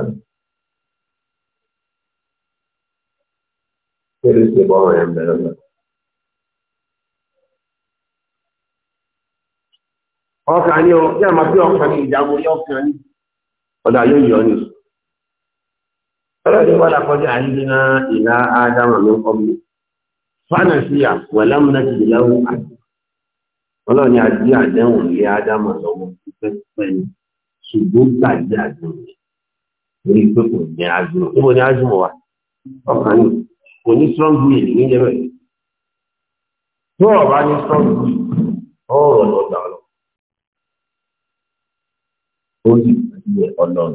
ọlọ́dẹ wà lápọ́jọ́ àìdínà ìlà ádámà ló kọ́bí fánà sí à wà lámúná ti lè láwù àti ọlọ́ni àdí àdéhùn ilé ádámà lọ́wọ́ pẹ́pẹ́ ṣùgbọ́n gbàdé àdéhùn lórí pé kò ní azùmọ̀ níbo ni azùmọ̀ wà ọkàn ní kò ní strong ó sì pàdé ọlọ́run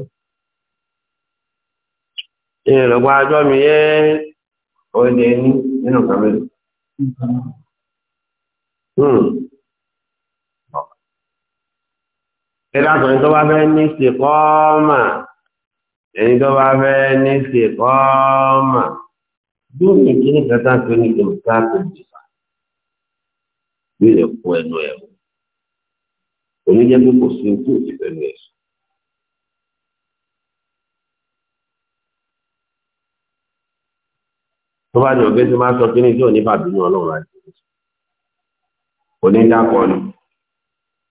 ìrìnàgbà ajọ́ mi yẹ́ ọdẹ ní nínú kàmẹ́lì ẹ̀dàkùnrin tó hmm. bá fẹ́ ní ṣèkọ́ọ́mà ẹni tó bá fẹ́ ní ṣèkọ́ọ́mà dúnmí kí ní kẹta tó ní kí n ká tó jìfà bí lè kó ẹnu ẹ̀rọ oníjẹ́ pé kò sí ojú ìfẹ́ ní ẹ̀sùn tó bá ní ọ̀gbẹ́ tó máa sọ kí ní tí ò ní bá bínú ọlọ́run àti ìṣẹ́ kò ní dákọ̀ ni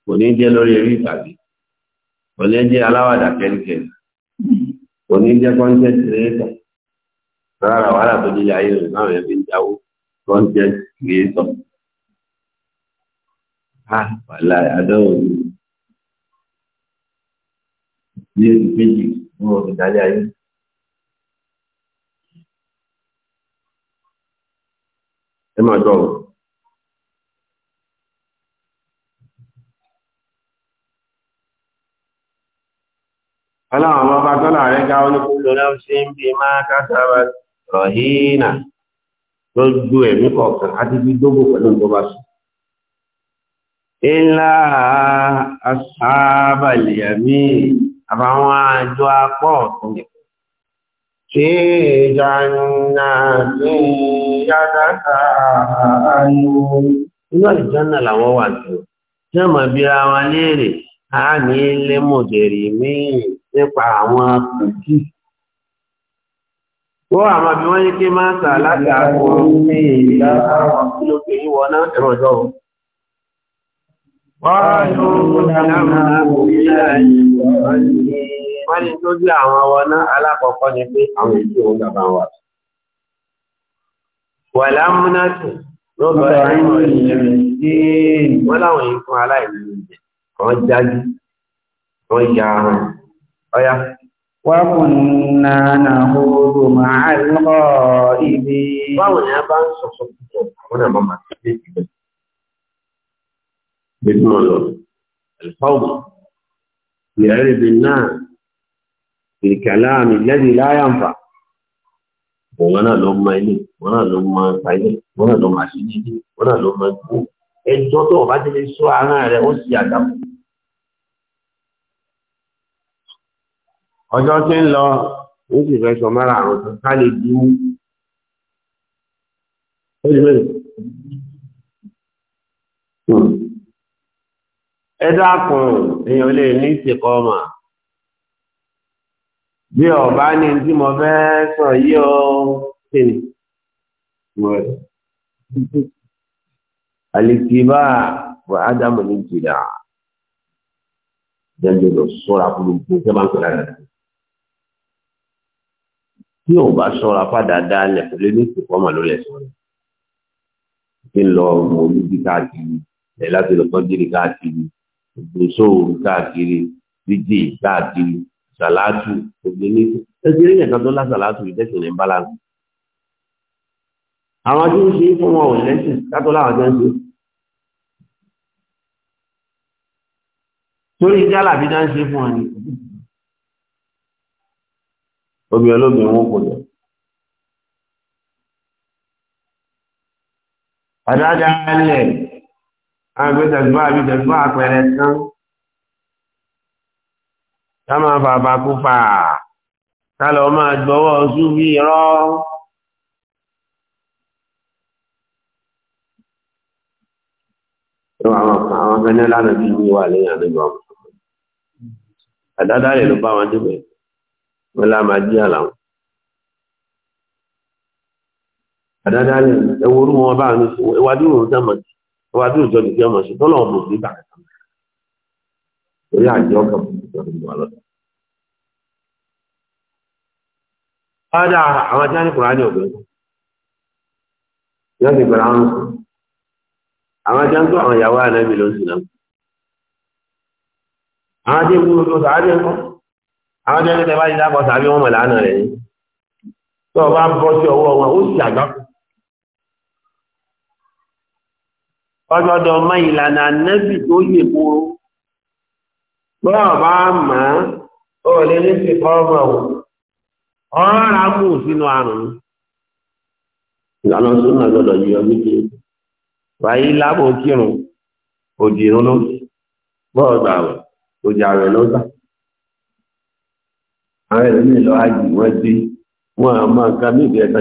kò ní jẹ́ lórí eré ìtàgé kò ní jẹ́ aláwàdà kẹ́ríkẹ́rí kò ní jẹ́ kọ́ńtẹ́ǹtì rẹ́ẹ̀tọ̀ rárá wàhálà tó nílé ayé rẹ̀ náà rẹ̀ fi ń jáwó kọ́ńtẹ́ǹtì rẹ́ẹ̀tọ̀ ha ah, wàhálà àdáwò ní ní méjì fún ọ̀gbìn ayé ẹ máa gbọ́ ọ. Ọlọ́run ọmọ ọba tọ́lá rẹ̀ ga oníkúlò náà ṣe ń bí máa kására rọ̀hínà lójú ẹ̀mí kọ̀ọ̀kan àti fi dógò pẹ̀lú tó bá sùn. Ilá asábàlìyàmí àbáwọn àjọ apọ̀ ọ̀tún في جنات يتساءلون inú àlìjánà làwọn wà ní ọ tí bí ra wọn léèrè a ní lẹmọdẹrì míì nípa àwọn kòkí wọ́n àmọ́ bí wọn yé kí máa sà láti àwọn ní ìlà àwọn kílódé wọ́n ní tó bí àwọn ọwọ́ náà alákọ̀ọ́kọ́ ni pé àwọn èdè òun bàbá wà. wà lámúnátì ló bá ẹ̀rọ ìrìn wọ́n láwọn yìí fún aláìní ìjẹ kan jájú wọ́n ya ahọ́n wọ́n kùn náà náà ìkàláàmì lẹ́dí láyàǹfà òun náà ló mọ ilé òun náà ló mọ ìpàdé òun náà ló mọ àṣíjíjí òun náà ló mọ ikú ẹjọ́ tó ọba ti lè sọ ara rẹ̀ ó sì àdàmú. ọjọ́ tí ń lọ ó sì fẹ́ sọ mọ́ra àrùn tó ká lè dí mú. èèyàn lè ní ìsìnkọ́ ọmọ bí ọba ní tí mo fẹ́ sọ yí ọ kìnnì alìkìbá wà ádámù ní jìdá jẹjẹ lọ sọ́ra fún gbogbo tẹ́ máa ń pè lára rẹ̀ tí ò bá sọ́ra padà dá lẹ̀ pẹ̀lú ní ìsìnkú ọmọ ló lẹ̀ sọ́ra kí n lọ mọ olùdí káàkiri ẹ̀ láti lọ tọ́jú káàkiri ìgbésòwò káàkiri dídì káàkiri sàlátù gbogbo ní ẹsẹ̀ eré yẹn kan tó lá sàlátù yìí tẹ̀sán ní balance. àwọn tí ń ṣe fún wọn ò lẹ́sìn kátó láwọn jẹ́ ń ṣe. torí jálà bí dá ń ṣe fún wọn ni obìnrin olóbìnrin wọn kò jọ. Adájá ẹlẹ̀, àgbẹ̀tẹ̀gbọ́ àbí tẹ̀gbọ́ àpẹẹrẹ tán ká máa bàbá kúfà ká lọ máa gbọ́wọ́ súnbí irọ́ àwọn akẹ́ni lánàá bí mi wà lẹ́yìn àdúgbò àdádá rẹ̀ ló bá wọn débẹ̀ wọn lá máa jí àlàwọn àdádá rẹ̀ ẹwọ́rú wọn bá ní fún ẹwàdúró ìjọba ìjọba ìjọba ìjọba ìjọba ìjọba ìjọba ìjọba ìjọba Ọ́dá àwọn ajá ní Kùránì ọ̀gbẹ́. Yọ́ ti gbẹ̀rẹ̀ àwọn ọkùn. Àwọn ajá ń tó àwọn ìyàwó ànẹ́bì ló ń sì náà. Àwọn ajé wúrú tó sàábí ẹ̀kọ́. Àwọn ajé tẹ́tẹ́ bá ti dábọ̀ sàábí wọn mọ̀lá náà rẹ̀ yìí. Tó o bá bọ́ sí ọwọ́ wọn, ó sì àgbá. Ọjọ́dọ̀ mọ́ ìlànà ànẹ́bì tó yè kóró bọ́ọ̀ bá mọ̀ ó lè ní sí kọ́ọ̀mọ̀ ò ọ̀rá mú sínú àrùn ìlànà súnà gbọdọ̀ yíyọ méje wáyé lábò kírun òdì irun ló bọ́ọ̀ gbà wẹ̀ òdì àwẹ̀ ló gbà àwọn ẹ̀rọ mi lọ ájì wọ́n dé wọ́n á máa ka ní ìbẹ̀rẹ̀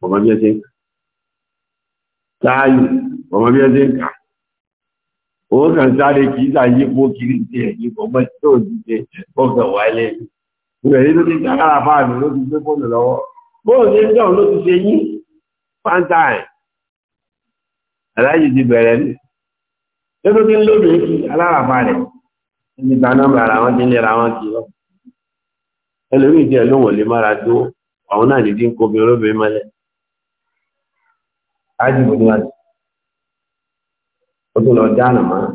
kan ṣe sáàyù ọmọ bí ẹjẹ́ ìkà ó kàn sáré kìí sà kiri ti ẹ̀ yípo tí ó ti ṣe ọkàn wáyé ìrẹ̀ yìí ló ti kákàrà fáàmì ló ti gbé bọ́ọ̀lù lọ́wọ́ bóòlù ní ìjọ ló ti ṣe yín fáńtà ẹ̀ ti bẹ̀rẹ̀ ní ló ti ń lóbi kí aláràfà rẹ̀ níbi ta nọ́mbà ara wọn ti ń lera wọn kí lọ ẹlòmíì tiẹ̀ lóhùn lè mára tó àwọn náà ní ti ń kó ájìbò níwájú ó tún lọ dáná máa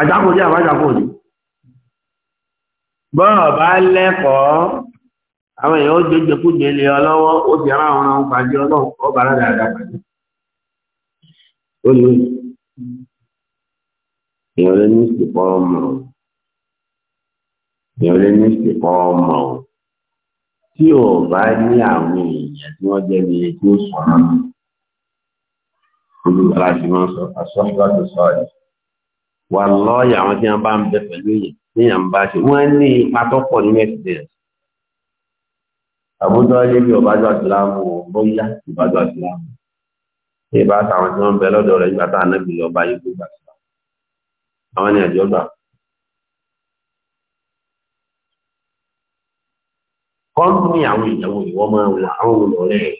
àjákò jẹ́ àbájákò ní bọ́ọ̀ bá lẹ́kọ̀ọ́ àwọn èèyàn ó jẹ́jẹ́ kú jẹ́lé ọlọ́wọ́ ó ti ara àwọn ọmọ pàdé ọlọ́run ọba rádà àdá pàdé ó ní èèyàn lé ní ìsìnkọ́ ọmọ èèyàn tí ò bá ní àwọn èèyàn tí wọ́n jẹ́ ní etí ó sọ náà olùgbàlà fi máa ń sọ àsọ́sọ́sọ́ sọ ẹ̀ wà lọ́ọ̀yà àwọn tí wọ́n bá ń bẹ pẹ̀lú èèyàn tí èèyàn bá ṣe wọ́n ní ipa tó pọ̀ nínú ẹ̀sìn rẹ̀ àbújá ilé bí ọbájọ àtìláàmù bóyá ìbájọ àtìláàmù ìbá àtàwọn tí wọ́n ń bẹ lọ́dọ̀ rẹ̀ nígbà tá ànábì kọ́ńtì àwọn ìyàwó ìwọ́ máa wà àwọn olùrẹ́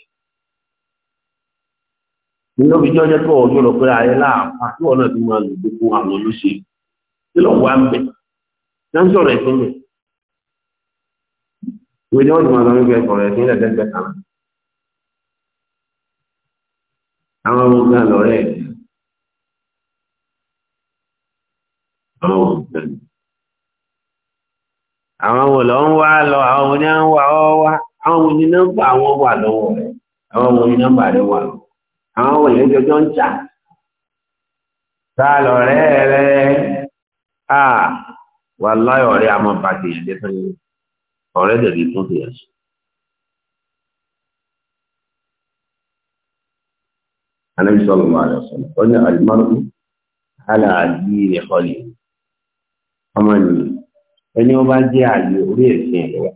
nínú ibi tí wọ́n jẹ́ ọjọ́ lọ pé ayé láàpá tí wọ́n náà máa lò gbogbo àwọn olóṣèlú tí lọ́ọ̀ wá ń bẹ̀ náà ń sọ̀rọ̀ ẹ̀sìn bẹ̀ ìwé ni wọ́n ti máa lọ níbi ẹ̀sọ̀rọ̀ ẹ̀sìn ilẹ̀ tẹ́tẹ́ kan àwọn ọmọ ọ̀gá lọ́rẹ́ ẹ̀ àwọn ọmọ àwọn wo lọ ń wá lọ àwọn wo ni à ń wá ọ wá àwọn wo ni nọ́mbà wọn wà lọ́wọ́ rẹ àwọn wo ni nọ́mbà rẹ wà lọ́wọ́ àwọn wo yẹn jọjọ ń jà tá a lọ rẹ rẹ a wà láyọ̀ ọ̀rẹ́ àmọ́ bàtì yẹn lẹ́tọ́ yẹn ọ̀rẹ́ dẹ̀bi tún ti yẹn sùn. النبي صلى الله عليه وسلم قال المرء على دين خليل فمن ẹni ó bá jẹ́ orí ẹ̀sìn ìlúwà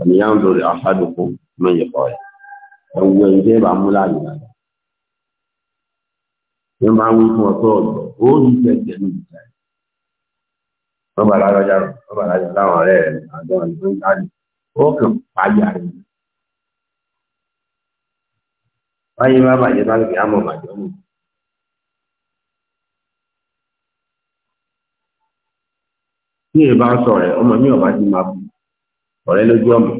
ènìyàn ń lórí àṣàdùkú mẹ́yẹ̀kọ́ rẹ̀ ẹ̀wù ẹ̀yìn tẹ́ bá mú láàyè dáadáa ní bá wí fún ọtọ́ ọ̀dọ̀ ó rí tẹ̀tẹ̀ ní ìjà rẹ̀ wọ́n bá lára jára wọ́n bá lára láwọn ọ̀rẹ́ rẹ̀ àjọ ìlú ìdájọ́ ó kàn páyà rẹ̀ báyìí bá bàjẹ́ bá lè fi àmọ̀ bàjẹ́ mọ̀ tí èyí bá ń sọ rẹ̀ ọmọ mi ọba ti máa bù ọ̀rẹ́ lójú ọmọ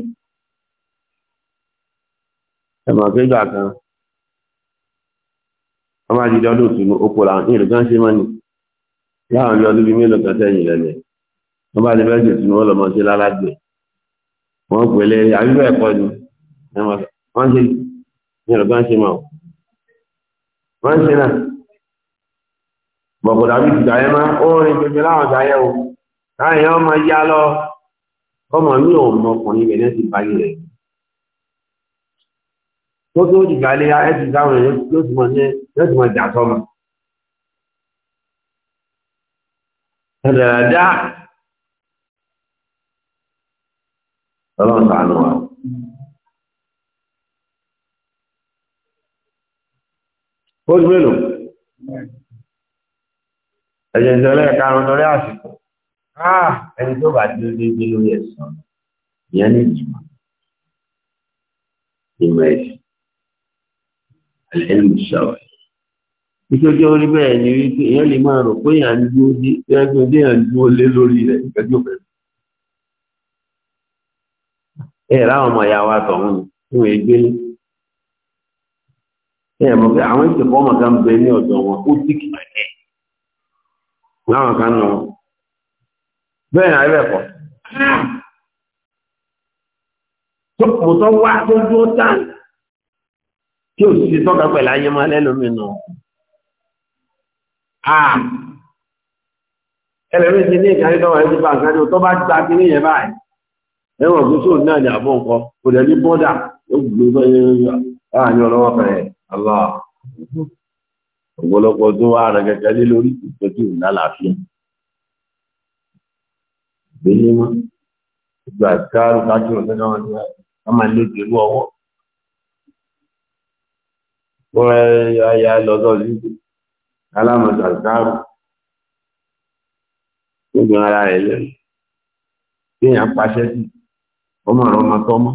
ẹ̀mọ̀ péjọ kan ọmọ àjíjọ ọdún ìtùnú oko làwọn ìlú kan ṣe mọ́ni láwọn ọjọ́ ọdún bíi mélòó kan sẹ́yìn rẹ̀ lẹ̀ wọ́n bá ti fẹ́ ṣètò ní wọ́n sí lálágbè wọ́n pè lé àbíbẹ̀ ẹ̀kọ́ ni wọ́n ṣe ìlú kan ṣe mọ́ wọ́n ṣe náà bọ̀kọ̀dà bíi ìgbà yẹn máa ó rìn pẹpẹ láwọn ìgbà táwọn èèyàn ọmọ yá lọ ọmọ mi ò mọ ọkùnrin ibẹ̀ náà ti báyìí rẹ̀ tó tó dìgbà lé ẹ ti dáhùn rẹ̀ yóò ti mọ ní yóò ti mọ jà sọmọ. Ẹ̀dẹ̀ẹ̀dá ọlọ́run sàánú wa. Ó dúró lò. Ẹ̀jẹ̀ ìṣẹ̀lẹ̀ karùn-ún torí àsìkò. Ah, ẹni tó bá dúró déédéé lórí ẹ̀sán ìyẹn ní ìtumọ̀ ìmọ̀ ẹ̀sìn àlẹ́lù ṣàwà ìtọ́jú orí bẹ́ẹ̀ ni wípé èèyàn lè máa rò pé èèyàn dúró dé ẹgbẹ́ bí èèyàn dúró lé lórí rẹ̀ ìgbẹ́jọ́ bẹ̀rẹ̀ ẹ̀ ráwọn ọmọ ìyá wa tọ̀hún ni wọ́n gbé ní ẹ̀ mọ̀ pé àwọn ìṣẹ̀kọ́ ọmọ kan bẹ ní ọ̀dọ̀ wọn ó tìkì láwọn kan náà bẹ́ẹ̀ náà ẹ̀rẹ́ ẹ̀kọ́ tó mú tó wá tó dúró tán tí ò sì tọ́ka pẹ̀lú ayé máa lẹ́lómi nù ẹlẹ́rìí ti ní ìkárí tọ́wà ẹ̀sìn bá nǹkan tó bá gba kí ní yẹn báyìí ẹ̀wọ̀n kú sóò náà ní àbọ̀ nǹkan kò dẹ̀ ní bọ́dà ó gbogbo láàrin ọlọ́wọ́ fẹ̀rẹ̀ ọlọ́ ọ̀pọ̀lọpọ̀ tó wà rẹ̀ gẹ́gẹ́ lé lórí ìtọ́jú ìlàlàáfíà gbélé mọ́ gbogbo àtàrù kájú ọ̀sẹ̀ náà ni wọ́n máa lé gbèrú ọwọ́ wọ́n ayé lọ́dọ̀ lídì alámọ̀tà àtàrù gbogbo ara rẹ̀ lẹ́nu kéèyàn paṣẹ́ sí ọmọ rẹ̀ ọmọ tọ́mọ́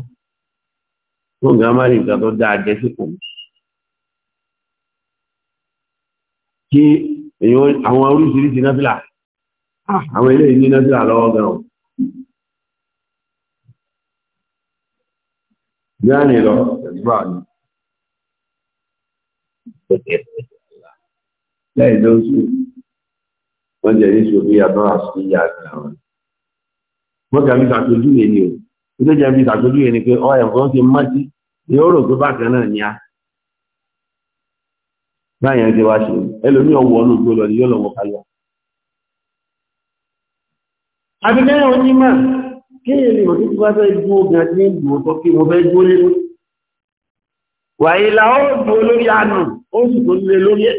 tó ga má rí nǹkan tó dáa jẹ́ sí kò kí àwọn oríṣiríṣi náà fi là àwọn ilé ìní náà lọ́wọ́ gan-an yáàni lọ ẹ̀gbà ní lẹ́yìn tó ń sùn wọ́n jẹ́ ní ṣòfí àbá àṣírí ìyá àti àwọn wọ́n kà ń fi ṣàtọ́jú ni o ilé jẹ́ fi ṣàtọ́jú yẹn ni pé ọ ẹ̀fọ́ ti mọ́tí ni ó rò pé bákan náà ni a báyẹn ti wá ṣe ẹlòmíọ̀ wọ́n ló gbó lọ ni yóò lọ́wọ́ kalẹ̀ àbí mẹ́rin onímọ̀ kí èlè mọ̀ títí bá fẹ́ gún ogun àti ìgbò ọ̀tọ̀ kí mo fẹ́ gbó lérú wàyí la ó dùn lórí àánú ó sì tó lè lórí ẹ̀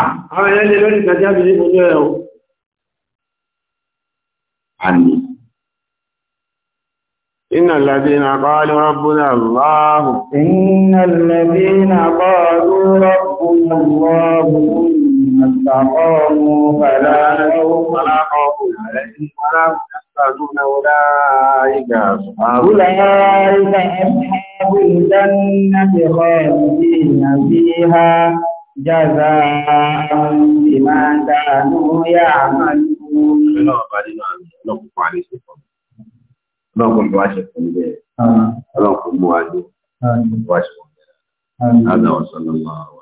àwọn ẹ̀yẹ́ lórí ìkàjá mi ní gbogbo ẹ̀ o àmì إن الذين قالوا ربنا الله إن الذين قالوا ربنا الله فقاموا فلا نوم عليهم أولئك أصحاب أولئك أصحاب الجنة خالدين فيها جزاء بما كانوا يعملون. Ọlọ́run kò mú wá ṣe fún ilé ẹ̀. Ọlọ́run kò mú wá dé. Wá ṣe fún ilé ẹ̀. Adá ọ̀sán ló máa wà.